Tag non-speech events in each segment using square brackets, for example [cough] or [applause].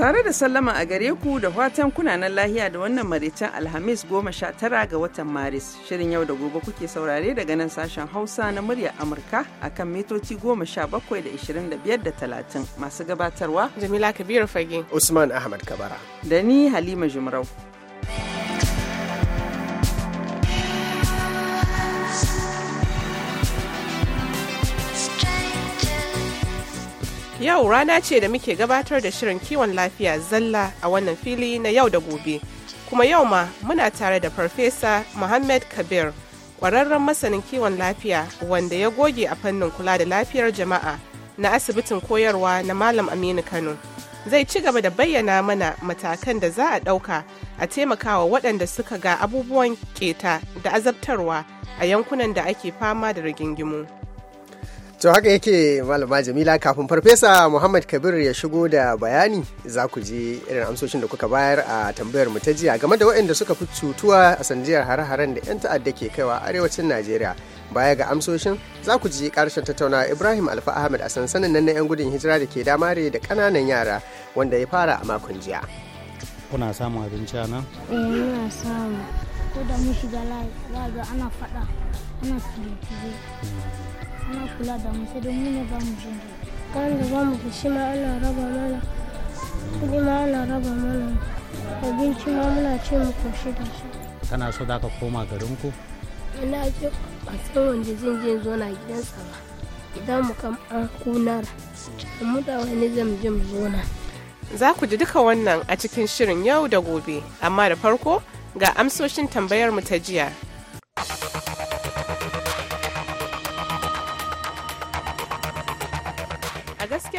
Tare da sallama a gare ku da fatan kunanan lahiya da wannan maraicen Alhamis goma sha tara ga watan Maris. Shirin yau da gobe kuke saurare daga nan sashen Hausa na muryar Amurka a kan mitoci goma sha bakwai da ishirin da biyar da talatin masu gabatarwa. Jamila Kabiru Fage. Usman Ahmad Kabara. Da ni Halima jimarau. Yau rana ce da muke gabatar da shirin kiwon lafiya zalla a wannan fili na yau da gobe. Kuma yau ma muna tare da Farfesa Muhammad Kabir, ƙwararren masanin kiwon lafiya wanda ya goge a fannin kula da lafiyar jama'a na asibitin koyarwa na Malam Aminu Kano. Zai ci gaba da bayyana mana matakan da za a ɗauka a taimakawa waɗanda suka ga abubuwan keta da azabtarwa a yankunan da ake fama da rigingimu. To haka yake malama Jamila kafin farfesa Muhammad Kabir ya shigo da bayani za ku ji irin amsoshin da kuka bayar a tambayar ta jiya game da waɗanda suka fi cutuwa a sanjiyar hare-haren da 'yan ta'adda ke kaiwa arewacin Najeriya. Baya ga amsoshin za ku ji ƙarshen tattaunawa Ibrahim Alfa Ahmed a sansanin nan na 'yan gudun hijira da ke damare da ƙananan yara wanda ya fara a makon jiya. Kuna samun abinci a nan? Eh, muna samu. Ko da mu shiga lai ana faɗa, ana ana kula da mu sai domin ne ba mu jin kan da ba mu shi ma ana raba mana kuɗi ma ana raba mana abinci ma muna ce mu koshi da shi kana so za ka koma garin ku ina ce a san wanda zan je zo na gidansa ba idan mu kam an kunar mu da wani zan je mu zo za ku ji duka wannan a cikin shirin yau da gobe amma da farko ga amsoshin tambayar mu ta jiya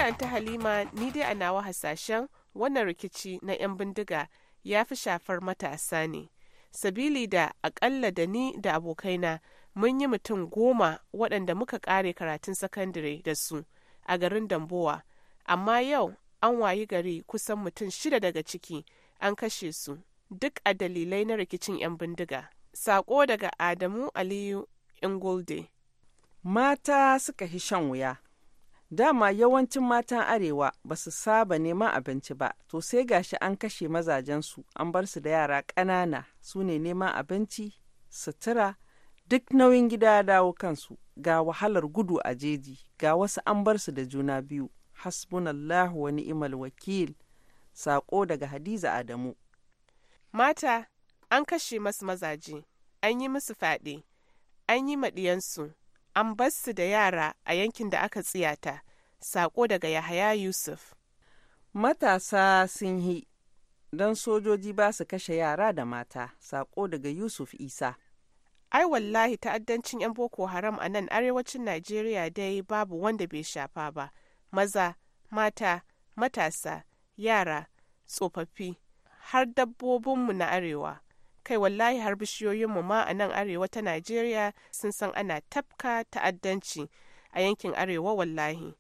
gaskiya ta halima ni dai a nawa hasashen wannan rikici na 'yan bindiga ya fi shafar matasa ne sabili da akalla da ni da abokaina mun yi mutum goma waɗanda muka ƙare karatun sakandare da su a garin damboa amma yau an wayi gari kusan mutum shida daga ciki an kashe su duk a dalilai na rikicin 'yan bindiga saƙo daga adamu aliyu ingolde mata suka hi shan wuya Dama yawancin matan Arewa ba su saba neman abinci ba, to sai gashi an kashe mazajensu an bar su da yara ƙanana su ne neman abinci, sutura, duk nauyin gida ya dawo kansu, ga wahalar gudu a jeji, ga wasu an bar su da juna biyu. Hasbunallahu wani ni'mal wakil. Sako daga Hadiza Adamu. Mata, an kashe masu mazaje, an yi musu fyaɗe, an yi maɗiyansu, an bar su da yara a yankin da aka tsiyata saƙo daga yahaya yusuf matasa sun yi don sojoji ba su kashe yara da mata saƙo daga yusuf isa ai wallahi ta'addancin 'yan boko haram a nan arewacin najeriya dai babu wanda bai shafa ba maza mata matasa yara tsofaffi har dabbobinmu na arewa kai wallahi har bishiyoyinmu ma a nan arewa ta Najeriya sun san ana tafka ta'addanci a yankin arewa wallahi.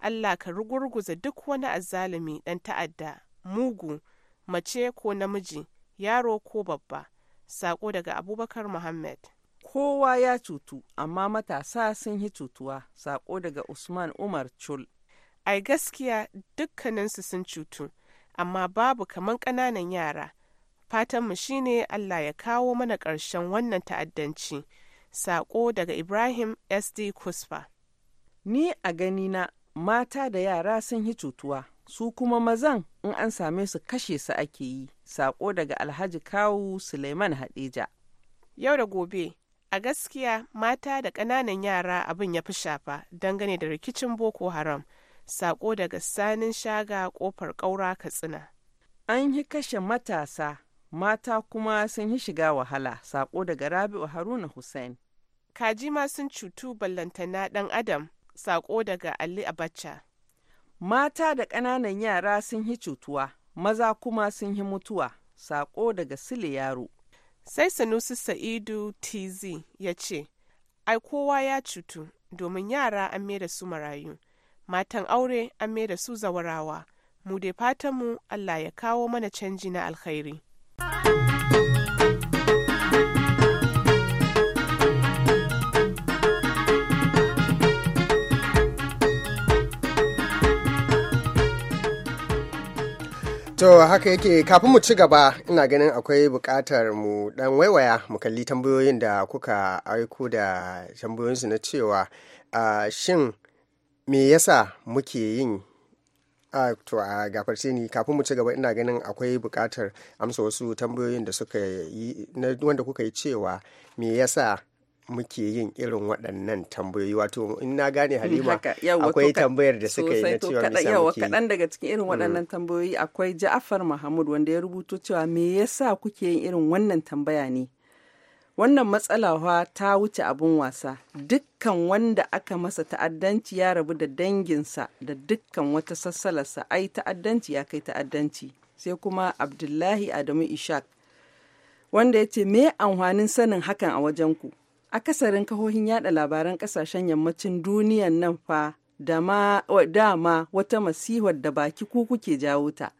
Allah ka rugurguza duk wani azzalumi ɗan ta'adda, mugu, mace ko namiji, yaro ko babba. Sako daga Abubakar Muhammad. Kowa ya cutu, amma matasa sun yi cutuwa. Sako daga Usman Umar Chul. Ai gaskiya dukkaninsu sun cutu, amma babu kaman ƙananan yara. Fatanmu shine Allah ya kawo mana ƙarshen wannan ta'addanci. Saƙo daga Ibrahim SD Kusfa. Ni a ganina mata da yara sun yi cutuwa, su kuma mazan in an same su kashe su ake yi. Saƙo daga Alhaji Kawu Suleiman Hadeja. Yau da gobe, a gaskiya mata da ƙananan yara abin ya fi shafa dangane da rikicin Boko Haram. Saƙo daga Sanin Shaga ƙofar ƙaura Katsina. An yi kashe matasa mata kuma sun yi shiga wahala saƙo daga rabi'u haruna hussein kaji ma sun cutu ballantana ɗan adam saƙo daga ali abacha mata da ƙananan yara sun yi cutuwa maza kuma sun yi mutuwa saƙo daga sile yaro sai sanusi sa'idu tz ya ce ai kowa ya cutu domin yara an da su marayu matan aure an da su zawarawa mu dai fatanmu allah ya kawo mana canji na alkhairi To haka yake kafin mu ci gaba ina ganin akwai bukatar mu dan waiwaya mu kalli tambayoyin da kuka aiko da tambayoyinsu na cewa ah, shin me yasa muke yin a to a gafarce ni kafin mu ci gaba ina ganin akwai buƙatar amsa wasu tambayoyin da suka yi na wanda kuka yi cewa me yasa muke yin irin waɗannan tambayoyi wato in na gane hmm, halima akwai tambayar da suka yi na cewa misa yawa kaɗan daga cikin irin hmm. waɗannan tambayoyi akwai ja'afar mahmud wanda ya rubuto cewa me yasa kuke yin irin wannan tambaya ne wannan matsalawa ta wuce abin wasa dukkan wanda aka masa ta'addanci ya rabu da danginsa da dukkan wata sassalarsa ai ta'addanci ya kai ta'addanci sai kuma abdullahi adamu ishak wanda ya ce me amfanin sanin hakan a wajenku akasarin kahohin yada labaran kasashen yammacin duniyan nan fa da dama wata masihar da baki ku kuke jawo ta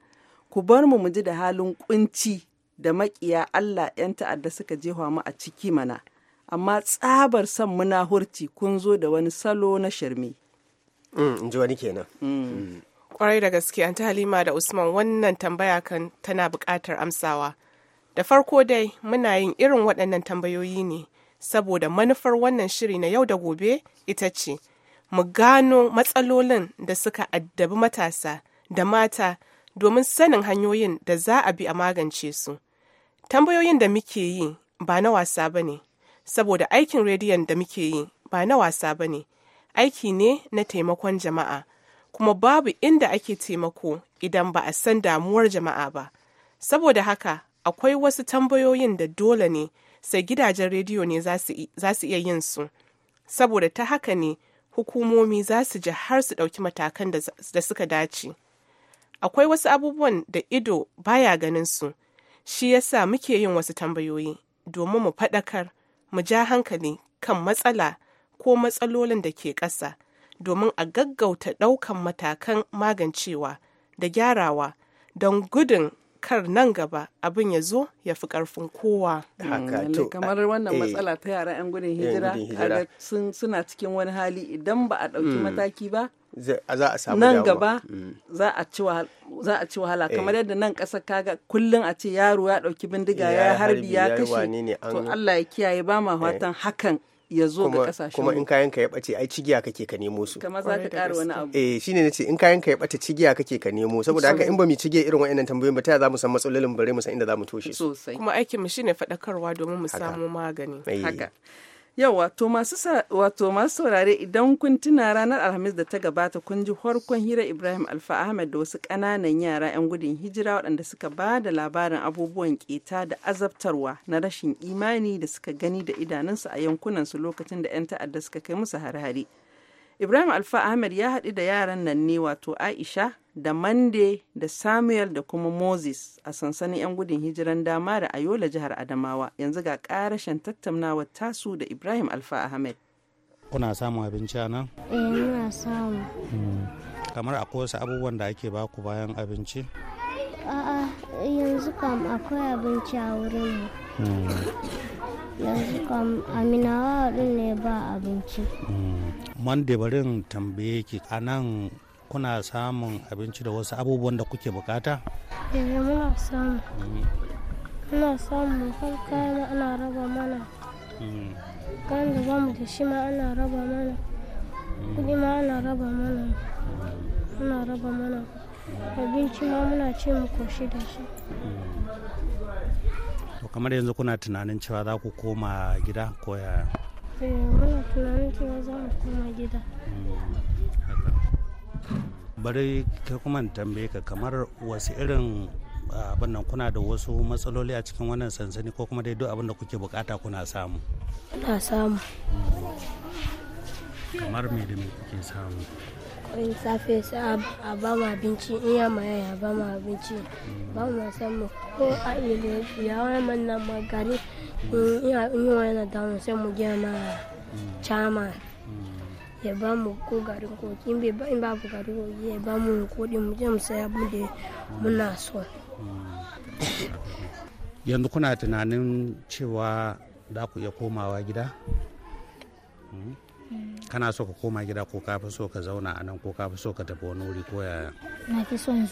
ku bar mu mu ji da halin kunci da maƙiya Allah 'yan ta'adda suka jefa mu a ciki mana amma tsabar son muna hurci kun zo da wani salo na shirme. Mm, in ji wani kenan. Mm. Mm. Kwarai da gaske an ta Halima da Usman wannan tambaya kan tana buƙatar amsawa. Da farko dai muna yin irin waɗannan tambayoyi ne saboda manufar wannan shiri na yau da gobe ita ce mu gano matsalolin da suka addabi matasa da mata domin sanin hanyoyin da za a bi a magance su. tambayoyin da muke yi ba na wasa ba ne saboda aikin rediyon da muke yi ba na wasa ba ne aiki ne na taimakon jama'a kuma babu inda ake taimako idan ba a san damuwar jama'a ba saboda haka akwai wasu tambayoyin da dole ne sai gidajen rediyo ne za su iya yin su saboda ta haka ne hukumomi za su ji har su ɗauki matakan da suka dace akwai wasu abubuwan da ido baya ganin su shi yasa muke yin wasu tambayoyi domin mu faɗakar mu ja hankali kan matsala ko matsalolin da ke ƙasa domin a gaggauta ɗaukan matakan magancewa da gyarawa don gudun kar nan gaba abin ya zo ya fi karfin kowa. Mm, kamar wannan eh, matsala ta yara 'yan gudun eh, hijira suna cikin wani hali idan ba a ɗauki mm. mataki ba za a samu nan gaba mm. za a ci wahala eh. kamar yadda nan ƙasa kaga kullum a ce yaro ya ɗauki bindiga ya harbi ya kashe to Allah ya kiyaye ba ma eh. fatan hakan ya zo ga kasashen kuma in kayan ka ya bace ai cigiya kake ka nemo su kamar za ka ƙara wani abu eh shine nace in kayan ka ya bace cigiya kake ka nemo saboda haka in ba mu cige irin wa'annan tambayoyin ba ta za mu san matsalolin bare mu san inda za mu toshe su kuma aikin mu shine faɗakarwa domin mu samu magani eh. haka Yau wato masu saurare idan kun tuna ranar Alhamis da ta gabata kun ji farkon hira Ibrahim Alfa Ahmed da wasu ƙananan yara 'yan gudun hijira waɗanda suka ba da labarin abubuwan keta da azabtarwa na rashin imani da suka gani da idanunsu a yankunansu lokacin da 'yan ta'adda suka kai musu hare-hare. Ibrahim Alfa Ahmed ya haɗu da yaran nan ne wato Aisha da Mande da Samuel da kuma Moses a sansanin 'yan gudun hijiran dama da Ayola jihar Adamawa. Yanzu ga ƙarashin tattaunawar tasu da Ibrahim Alfa Ahmed. Kuna samun abinci a nan? Eh, muna samu. Hmm. Kamar akwai wasu abubuwan da ake baku bayan abinci? A'a, yanzu kam akwai abinci a wurin mu. Hmm. yanzu kam aminawa din ne ba abinci man barin tambaye ki a nan kuna samun abinci da wasu abubuwan da kuke bukata yanzu muna samu muna samu kan ma ana raba mana hmm. kan da ba mu da shi ma ana raba mana hmm. kudi ma ana raba mana ana raba mana abinci ma muna ce mu koshi da shi hmm. to kamar yanzu kuna tunanin cewa za ku koma gida ko ya eh, muna tunanin cewa za mu koma gida hmm, bari ka kuma tambaye ka kamar wasu irin abin nan kuna da wasu matsaloli a cikin wannan sansani ko kuma dai duk abin da kuke bukata kuna samu samu hmm. kamar me da me kuke samu in safe sai a ba mu abinci in ya maya ya ba mu abinci ba mu san ko a ile ya wani manna gari in yi wani na damu sai mu gina ma chama ya ba mu ko gari ko in bai ba mu gari ko ya ba mu kudi mu je mu saya abin da muna so yanzu kuna tunanin cewa da ku iya komawa gida? Hmm. Mm. kana so ka koma gida ko ka fi so ka zauna a nan ko ka fi so ka tafi wani wuri ko yaya na fi son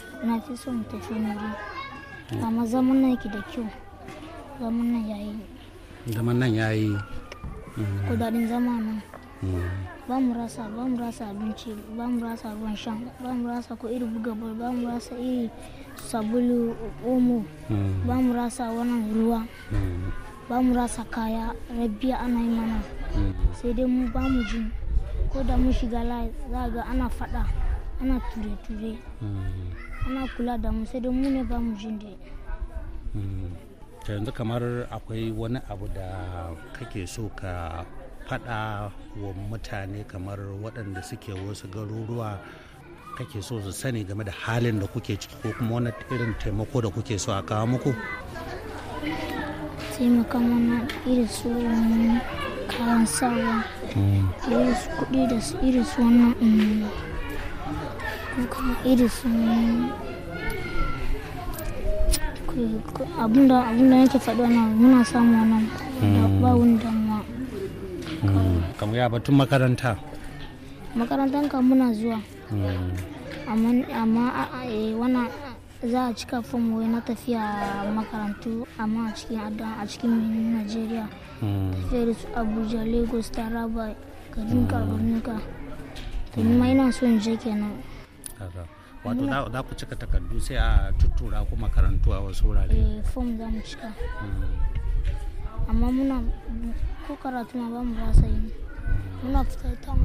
tafi wani wuri mm. amma zaman nan ki da kyau zaman nan yayi zaman nan yayi mm. ko daɗin zama nan ba mu rasa ba mu rasa abinci ba mu rasa ruwan shan ba mu rasa ko iri buga bal ba mu rasa iri sabulu omo ba mu rasa wannan ruwa ba mu rasa kaya rabbi ana yi mana hmm. sai dai mu ba mu ji ko da mu shiga layi za ga ana fada ana ture-ture hmm. ana kula da mu sai dai mu ne ba mu jin da hmm. yanzu kamar akwai wani abu da kake so ka fada wa mutane kamar waɗanda suke wasu garuruwa kake so su sani game da halin da kuke ciki ko kuma wani irin taimako da kuke so a kawo muku taimaka mana irin su kayan sawa irin su da su irin su wannan kuma irin su abinda abinda yake faɗi nan muna samu nan ba wani damuwa kamar ya batun makaranta makarantar ka muna zuwa hmm. amma amma eh, wannan za a cika fom wai na tafiya makarantu amma a cikin adan a cikin nigeria hmm. tafiyar su abuja lagos taraba kaduna birnika hmm. to ma ina so in je kenan wato za ku cika takardu sai a tuttura ku makarantu a wasu wurare eh fom za mu cika hmm. amma muna ko karatu ma ba mu ba sai muna fita ta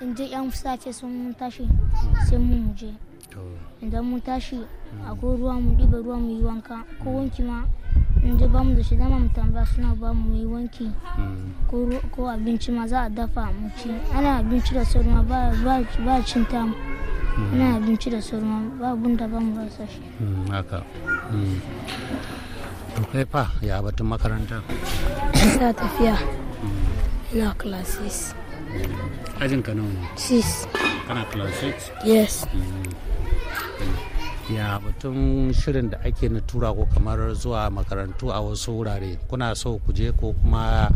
in je yan safe sun tashi sai mu je. idan mu tashi ko ruwa mu ɗiba ruwa mu yi wanka ko wanki ma ji ba mu da shi dama mu tambaya suna ba mu yi wanki hmm. ko abinci ma za a dafa mu ci ana abinci da sauri ma ba cin mu hmm. ana abinci da sauri ma ba abin da ba mu sa shi hmm, haka to kai fa ya batun makaranta sa tafiya ina classes ajin ka nawa 6 kana class 6 yes mm. ya batun shirin da ake na tura ko kamar zuwa makarantu a wasu wurare kuna so ku je ko kuma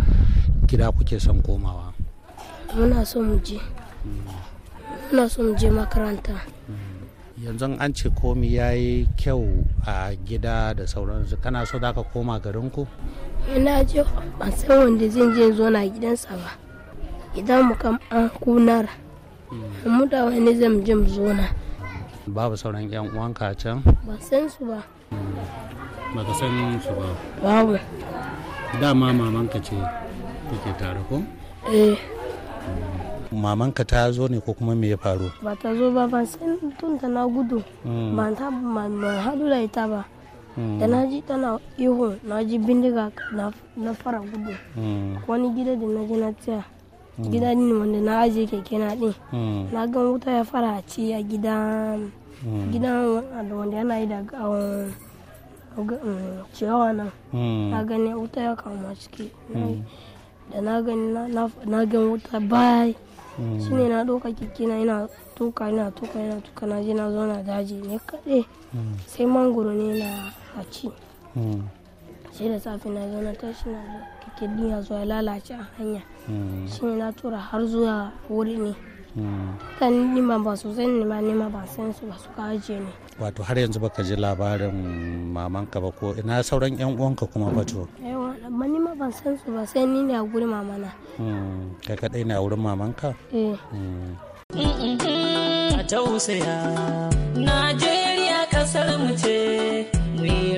gida kuke son komawa muna so mu je hmm. muna so mu je makaranta hmm. yanzu an ce komi ya yi kyau a gida da sauransu kana so za ka koma garinku ina je ban san wanda zan je zo na gidansa ba idan mu kam an kunar hmm. mu da wani zan je mu zo na babu sauran yan uwanka can ba san su ba ba ka san su ba babu dama mamanka ce take tare ko eh mamanka ta zo ne ko kuma me ya faru ba ta zo ba ban san tun ta na gudu hmm. ban ta ban hadu da ita ba hmm. da na ji tana ihu na ji bindiga na fara gudu hmm. wani gida da na ji na tsaya Mm. gidan wanda na ajiye keke na din mm. na gan wuta ya fara ci a gidan mm. gidan wanda yana yi da cewa nan na gani wuta ya kama ciki da na gani na gan wuta bai shi ne na doka keke na ina tuka ina tuka ina tuka na je na zo na daji ne kaɗai sai mangoro ne na a ci sai da safe na zo na tashi na zo ke duniya zuwa lalace a hanya hmm. shi na tura har zuwa wuri ne hmm. kan nima ba sosai nima nima ba san su ba su kaje ne wato har yanzu baka ji labarin mamanka ba ko ina sauran yan uwanka kuma ba to amma ni ma ban san su ba sai ni ne a gurin mamana hmm. kai kadai ne a wurin mamanka eh a tausaya najeriya kasar mu ce mu yi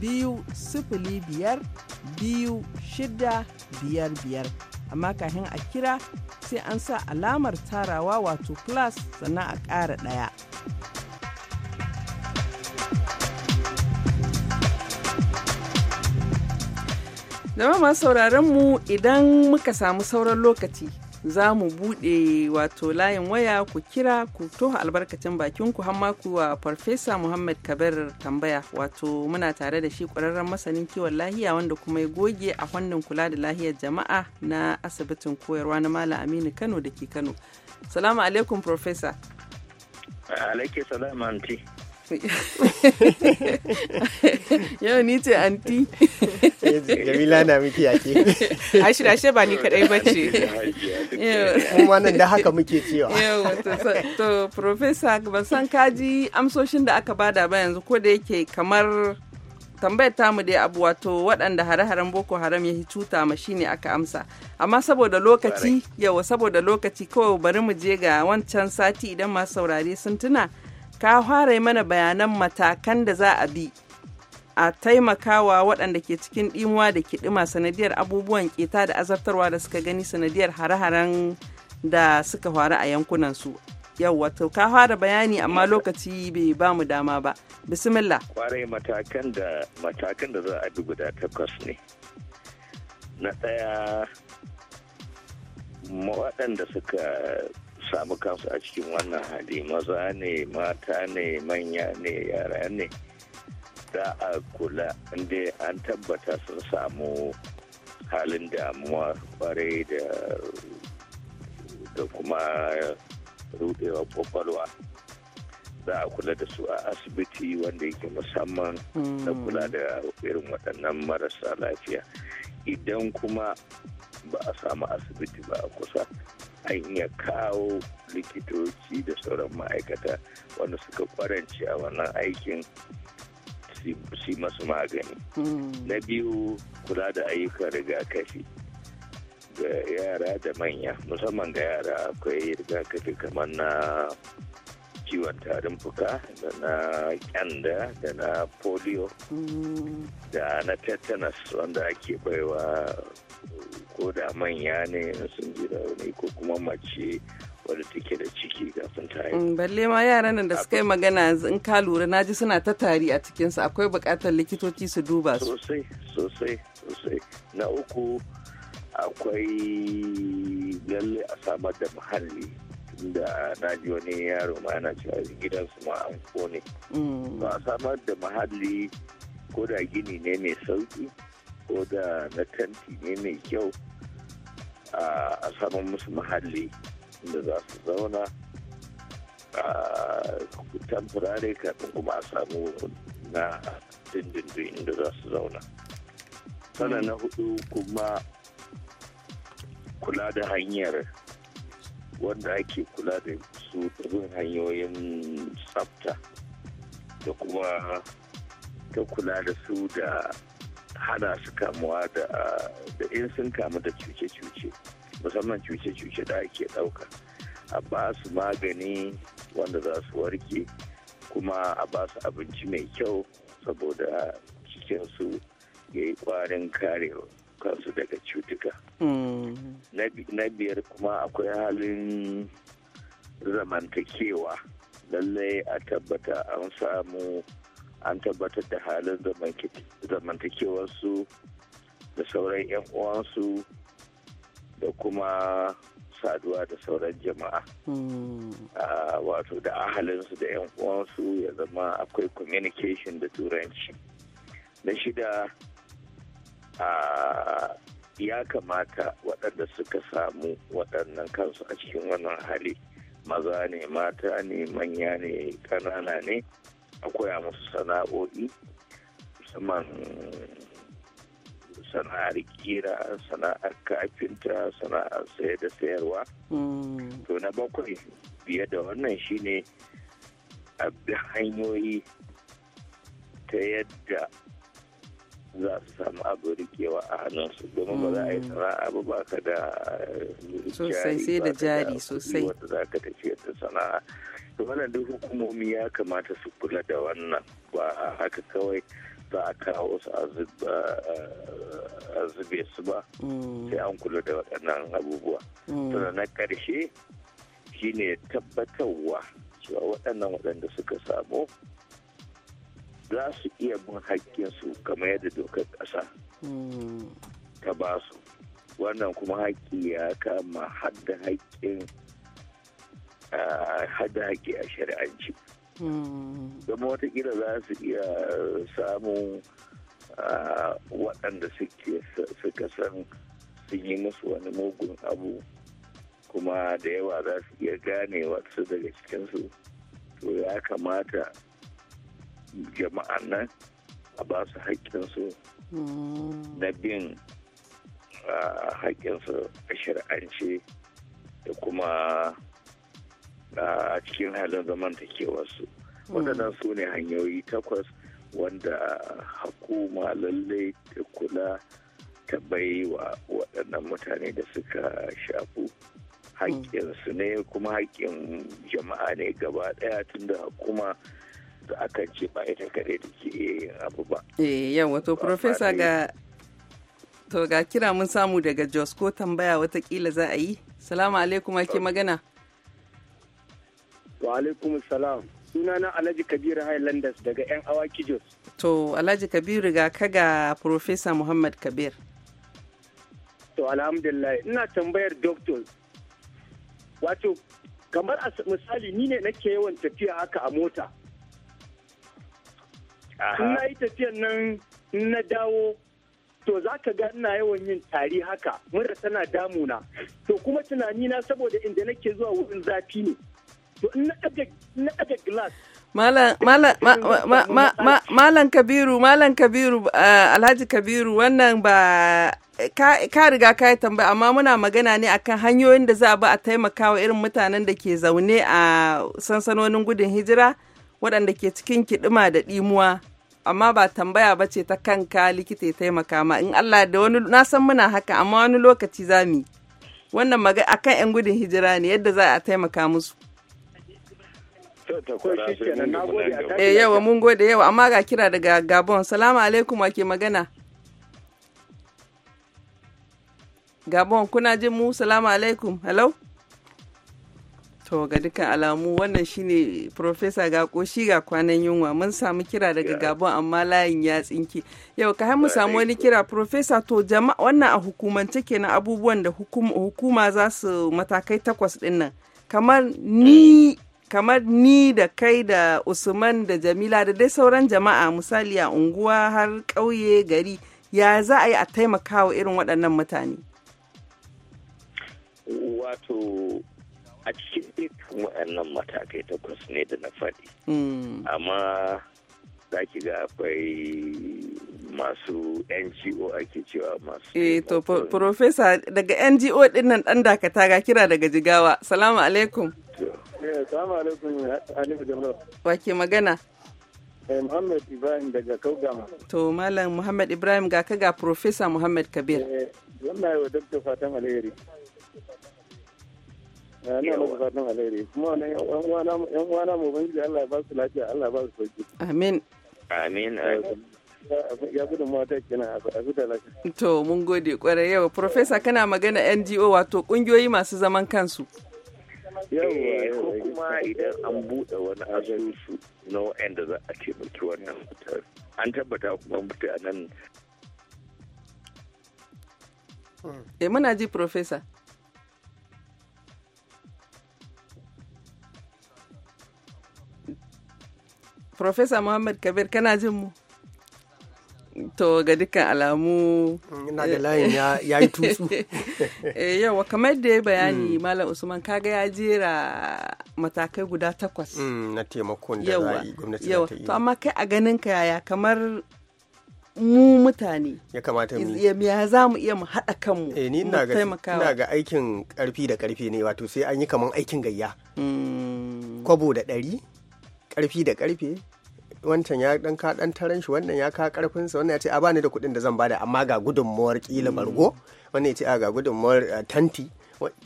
biyu sifili biyar biyu shida biyar biyar amma kafin a kira sai an sa alamar tarawa wato class sannan a ƙara ɗaya. Zama masu sauraron mu idan muka samu sauran lokaci za mu buɗe wato layin waya ku kira ku toha albarkacin bakin ku hamma ku wa farfesa muhammad kabir tambaya wato muna tare da shi ƙwararren masanin kiwon lahiya wanda kuma ya goge a fannin kula da lahiyar jama'a na asibitin koyarwa na malam aminu kano da ke kano salamu alaikum farfesa alaikum salam [laughs] yau ni ce anti [laughs] jamila na miki yake [laughs] ashe ashe ba ni kadai ce. kuma nan da haka muke cewa to professor ban san kaji amsoshin da aka bada ba yanzu ko da yake kamar tambayar tamu dai abu wato waɗanda hare-haren boko haram ya cuta ma shine aka amsa amma saboda lokaci yawa saboda lokaci kawai bari mu je ga wancan sati idan masu saurare sun tuna ka fara mana bayanan matakan da za a bi a taimakawa waɗanda ke cikin ɗimuwa da kiɗima sanadiyar abubuwan keta da azabtarwa da suka gani sanadiyar hare-haren da suka faru a yankunansu yau yauwa ka fara bayani amma lokaci bai ba mu dama ba bismillah kwarai matakan da matakan da za a bi guda takwas ne na ɗaya waɗanda suka samu kansu a cikin wannan hali maza ne mata ne manya ne yara ne za a kula inda an tabbata sun samu halin damuwa kwarai da kuma rudewa kwakwalwa za a kula da su a asibiti wanda yake musamman na hmm. kula da irin waɗannan marasa lafiya idan kuma ba a samu asibiti ba a kusa an iya kawo likitoci da sauran ma'aikata wanda suka kwarance a wannan aikin su masu magani hmm. na biyu kula da ayyukan rigakafi ga yara da manya musamman ga yara akwai rigakafi kamar na ciwon tarin fuka da na kyanda da na polio hmm. da na tetanus wanda ake baiwa ko da manya ne sun ji rauni ko kuma mace wadda take da ciki kafin ta haihu. Mm, balle ma yaran da suka yi magana in ka lura na ji suna ta tari a cikinsu akwai buƙatar likitoci su duba su. sosai sosai sosai na uku akwai lalle a samar da muhalli da na ji wani yaro ma yana cewa gidansu ma an kone. ba mm. a samar da muhalli ko da gini ne mai sauki. ko da na tanti ne mai kyau a saman musu mahalli inda za su zauna a tamfurare kafin kuma a samu na dindindin inda za su zauna sana mm. na hudu kuma kula da hanyar wanda ake kula da su bin hanyoyin tsafta da kuma ta kula da su da hana su kamuwa da in sun kamu da cuce-cuce musamman cuce-cuce da ake ɗauka a ba su magani wanda za su warke kuma a ba su abinci mai kyau saboda cikinsu ya yi kwarin karewa kansu daga cutuka. Mm. Na biyar kuma akwai halin zamantakewa lallai a tabbata an samu an tabbatar da halin zamantakewarsu da sauran 'yan uwansu da kuma saduwa da sauran jama'a hmm. ah, wato da ahalinsu da 'yan uwansu ya zama akwai communication da turanci na shida ah, ya kamata waɗanda suka samu waɗannan kansu a cikin wannan hali maza ne mata ne manya ne ƙanana ne a koya musu sana'o'i musamman sana'ar kira sana'ar kafinta sana'ar sayar da sayarwa mm. to na bakwai biye da wannan shine a bi hanyoyi ta yadda za su samu abu rikewa a hannunsu domin ba za a yi mm. sana'a ba ba ka da eh, ba ka da jari sosai wata za ka tafiya da sana'a to wannan duk hukumomi ya kamata su kula da wannan ba haka kawai za a kawo su a zube su ba mm. sai an kula da waɗannan abubuwa mm. tana na ƙarshe shine tabbatarwa cewa waɗannan waɗanda suka samu za su iya bin su kamar yadda dokar ƙasa mm. ta ba su wannan kuma haƙƙi ya kama hadda haƙƙin hada ake a shari'anci zama hmm. watakila za su iya samun waɗanda suka san sun yi musu wani mugun abu kuma da yawa za su iya gane wasu daga cikinsu to ya kamata jama'an nan a ba su haƙƙinsu hmm. na bin haƙƙinsu a shari'ance da kuma a cikin halin zaman wasu hmm. waɗannan su ne hanyoyi takwas wanda hukuma lallai ta kula ta bai wa waɗannan mutane da suka shafu haƙƙinsu ne kuma haƙƙin jama'a ne gaba ɗaya tunda hukuma da aka ce ba ita kaɗai da ke yin abu ba. Eh yawa to Profesa ga to ga kira mun samu daga Jos ko tambaya watakila za a yi. Salamu alaikum ake magana. Wa alaikum salam. na Alhaji Kabiru Highlanders daga 'yan awa kijos. To Alhaji Kabiru ga kaga Profesa Muhammad Kabir. To alhamdulillah ina tambayar doctor. Wato kamar misali ni ne nake yawan tafiya haka a mota. ina yi tafiyan nan na dawo to za ka ga ina yawan yin tari haka mura tana damuna to kuma tunani na saboda inda nake zuwa wurin zafi ne Malam Kabiru, Malam Kabiru, eh, Alhaji Kabiru, wannan ba eh, ka riga ka yi tambaya amma muna magana ne akan hanyoyin da za a bi a taimakawa irin mutanen da ke zaune a sansanonin gudun hijira waɗanda ke cikin kiɗima da ɗimuwa amma ba tambaya ba ce ta kanka likita ya taimaka ma in Allah da wani na san muna haka amma wani lokaci za mu yi wannan akan 'yan gudun hijira ne yadda za a taimaka musu. Eh yawa mun gode yawa amma ga kira daga Gabon. Salamu alaikum wa ke magana. Gabon kuna jin mu salamu alaikum. Hello? To ga dukkan alamu wannan shine Profesa ga koshi ga kwanan yunwa mun samu kira daga Gabon amma layin ya tsinke. Yau ka mu samu wani kira Profesa to jama'a wannan a hukumance kenan abubuwan da hukuma, hukuma za su matakai takwas dinnan. Kamar ni eh. kamar ni da kai da usman da jamila da dai sauran jama'a misali a unguwa har ƙauye gari ya za a yi a taimakawa irin waɗannan mutane wato a cikin dukkan waɗannan matakai takwas ne da na faɗi hmm. amma za ki ga akwai masu ngo ake cewa masu eh to profesa daga ngo ɗin nan ɗan dakata ga kira daga jigawa salamu alaikum Eh, assalamu alaikum Halifu Jamil. Wa ke magana? Eh, Muhammad Ibrahim daga Kaugama. To Malam Muhammad Ibrahim ga ka ga Profesa Muhammad Kabir. Eh, yi wa Dr. Fatan Alheri. Ana masa fatan alheri. Kuma wannan yan wana mu ubangiji Allah ba su lafiya, Allah ba su sauki. Amin. Amin. Ya gudun mata kenan a fita lafiya. To mun gode kwarai yau. Profesa kana magana NGO wato kungiyoyi masu zaman kansu. ko kuma idan an buɗe wani asusu na wa'anda za a taimaki wannan mutar an tabbata kuma mutanen e muna ji profesa profesa muhammad kabir kana jin mu To ga dukkan alamu. Ina da layin ya yi tutsu. [laughs] Eh, Yawa kamar da ya bayani mm. Malam Usman kaga ya jera matakai guda takwas. Mm, na taimakon da za yi gwamnati ta yi. To amma kai a ganin ka yaya kamar mu mutane ya kamata mu ya za mu iya mu haɗa kanmu eh ni ina ga ina ga aikin ƙarfi da karfi ne wato sai an yi kaman aikin gayya mm. kwabo da ɗari ƙarfi da ƙarfe wancan ya dan ka dan taran shi wannan ya ka karfin sa wannan ya ce a bani da kuɗin da zan bada amma ga gudunmuwar kila bargo wannan ya ce a ga gudunmuwar eh, tanti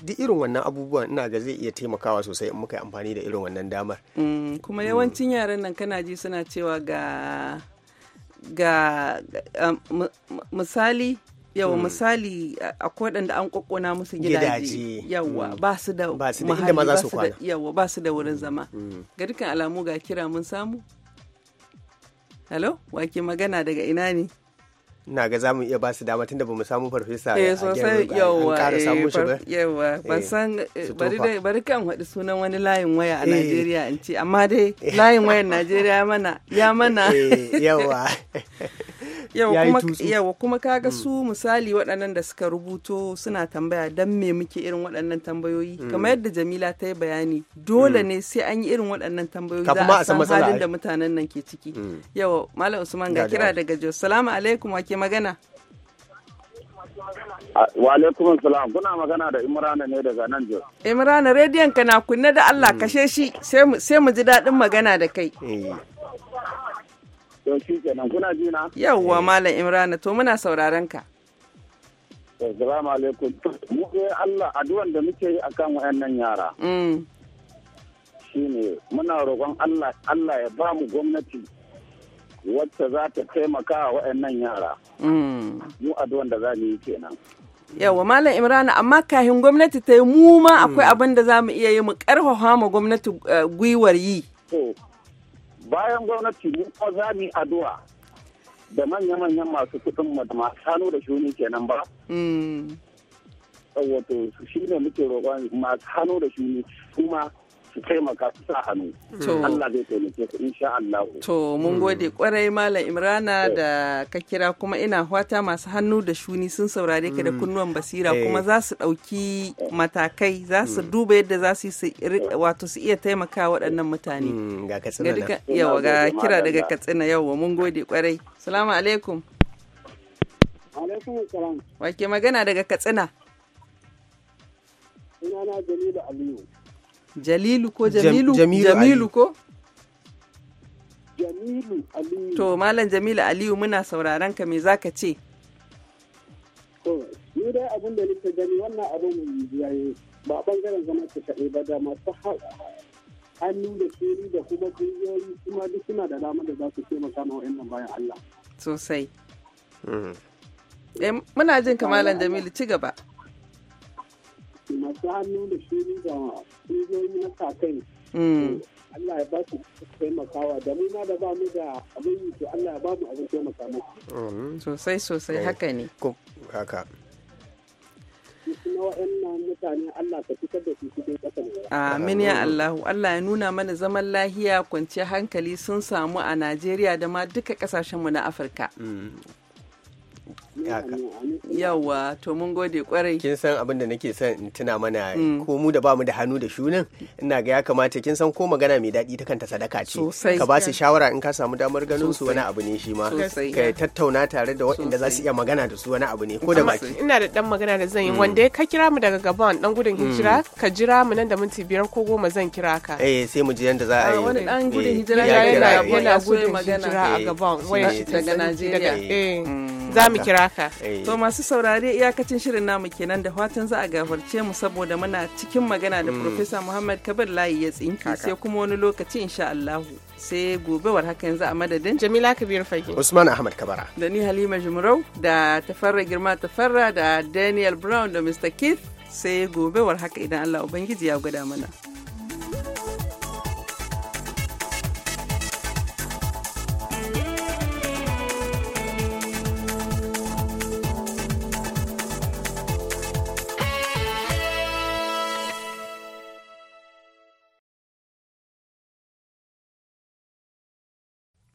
duk irin wannan abubuwan ina ga zai iya taimakawa sosai in muka yi amfani da irin wannan damar mm, kuma yawancin yaran nan kana ji suna cewa ga ga eh, misali yawa mm. misali a waɗanda an kokona musu gidaje mm. yawa ba su da mahalli ba su da yawa ba su da wurin zama ga dukkan alamu ga kira mun samu Hello, wake magana daga ina ne? Ina ga za mu iya ba su dama tunda ba mu samu farfesa a eh, sosai yawa yawa eh, eh, ban san bari kan haɗu sunan wani layin waya a Najeriya in ce amma dai layin wayan Najeriya mana ya mana yawa [laughs] yawa kuma kaga mm. su misali waɗannan da suka rubuto suna tambaya don me muke irin waɗannan tambayoyi mm. kamar yadda jamila ta yi bayani dole mm. ne sai an yi irin waɗannan tambayoyi za a san halin da mutanen nan ke ciki yawa malam usman ga kira daga jos salamu alaikum wa ke magana wa alaikum salam kuna magana da imrana ne daga nan jos imrana rediyon ka na kunne da allah kashe shi sai mu ji daɗin magana da kai eh. shi kenan kuna ji na? Yawwa eh. Malam Imrana to muna sauraron ka. Assalamu alaikum. Mu dai Allah addu'an da muke yi akan wayannan yara. Mm. Shi ne muna roƙon Allah Allah ya ba mu gwamnati wacce za ta taimaka wa wayannan yara. Mm. Mu addu'an da za mu yi kenan. Yawa Malam Imrana amma kahin gwamnati ta yi mu ma akwai mm. abin da za mu iya yi mu karfafa ma gwamnati eh, gwiwar yi. bayan gwamnati mu ko za mu addu'a da manya-manyan masu kuɗin da masu hannu da shuni kenan ba mm. wato shi ne muke roƙon masu hannu da shuni kuma su taimaka su sa hannu Allah zai taimake su insha Allah to mun hmm. gode kwarai malam Imrana eh. da ka kira kuma ina fata masu hannu da shuni sun saurare ka da hmm. kunnuwan basira eh. kuma za su ɗauki eh. matakai za su hmm. duba yadda za su wato su iya taimaka waɗannan mutane ga katsina yawa ga kira daga katsina yawa mun gode kwarai salamu alaikum wake magana daga katsina sunana Jamilu Aliyu Jalilu ko Jamilu? Jamilu ko? Jamilu Aliyu. To, Malam Jamilu Aliyu muna sauraron ka me zaka ce? To, ni dai abin da nake gani wannan abin yayi ba bangaren zama ta ba da masu hannu da shiri da kuma kungiyoyi kuma duk suna da dama da za su ce taimaka wa wa'annan bayan Allah. Sosai. Mm. Eh, muna jin malam Jamilu ci gaba. masu hannu da shiri da ƙungiyoyi na kakai mm. Allah ya ba su taimakawa da mu da ba mu da abin yi to Allah ya ba mu abin taimaka musu. Mm. Sosai sosai haka ne. Haka. Amin ya Allahu Allah ya nuna mana zaman lahiya kwanciyar hankali sun samu a Najeriya da ma duka kasashenmu na Afirka. Mm. yawa to mun gode kwarai kin san abin da nake son in tuna mana mm. ko mu da bamu da hannu da shunin ina ga ya kamata kin san ko magana mai daɗi ta kanta sadaka ce ka ba su shawara in ka samu damar ganin su wani abu ne shi ma ka tattauna tare da waɗanda za su iya magana da su wani abu ne ko da baki ina da dan magana da zan yi mm. wanda ka kira mu daga gaban dan gudun mm. hijira ka jira mu nan da minti biyar ko goma zan kira ka eh sai mu ji yanda za a ah, yi wani dan gudun eh, hijira yana gudun hijira a gaban wayar shi eh, daga Najeriya eh. za mu kira ka eh. to masu saurare iyakacin shirin namu kenan da fatan za a gafarce mu saboda muna cikin magana da mm. professor Muhammad Kabir Layi ya tsinki sai kuma wani lokaci insha Allah sai gobe war haka yanzu a madadin Jamila Kabir Fage Usman Ahmad Kabara da ni Halima Jumrau da Tafarra Girma Tafarra da Daniel Brown da Mr Keith sai gobe war haka idan Allah ubangiji ya gwada mana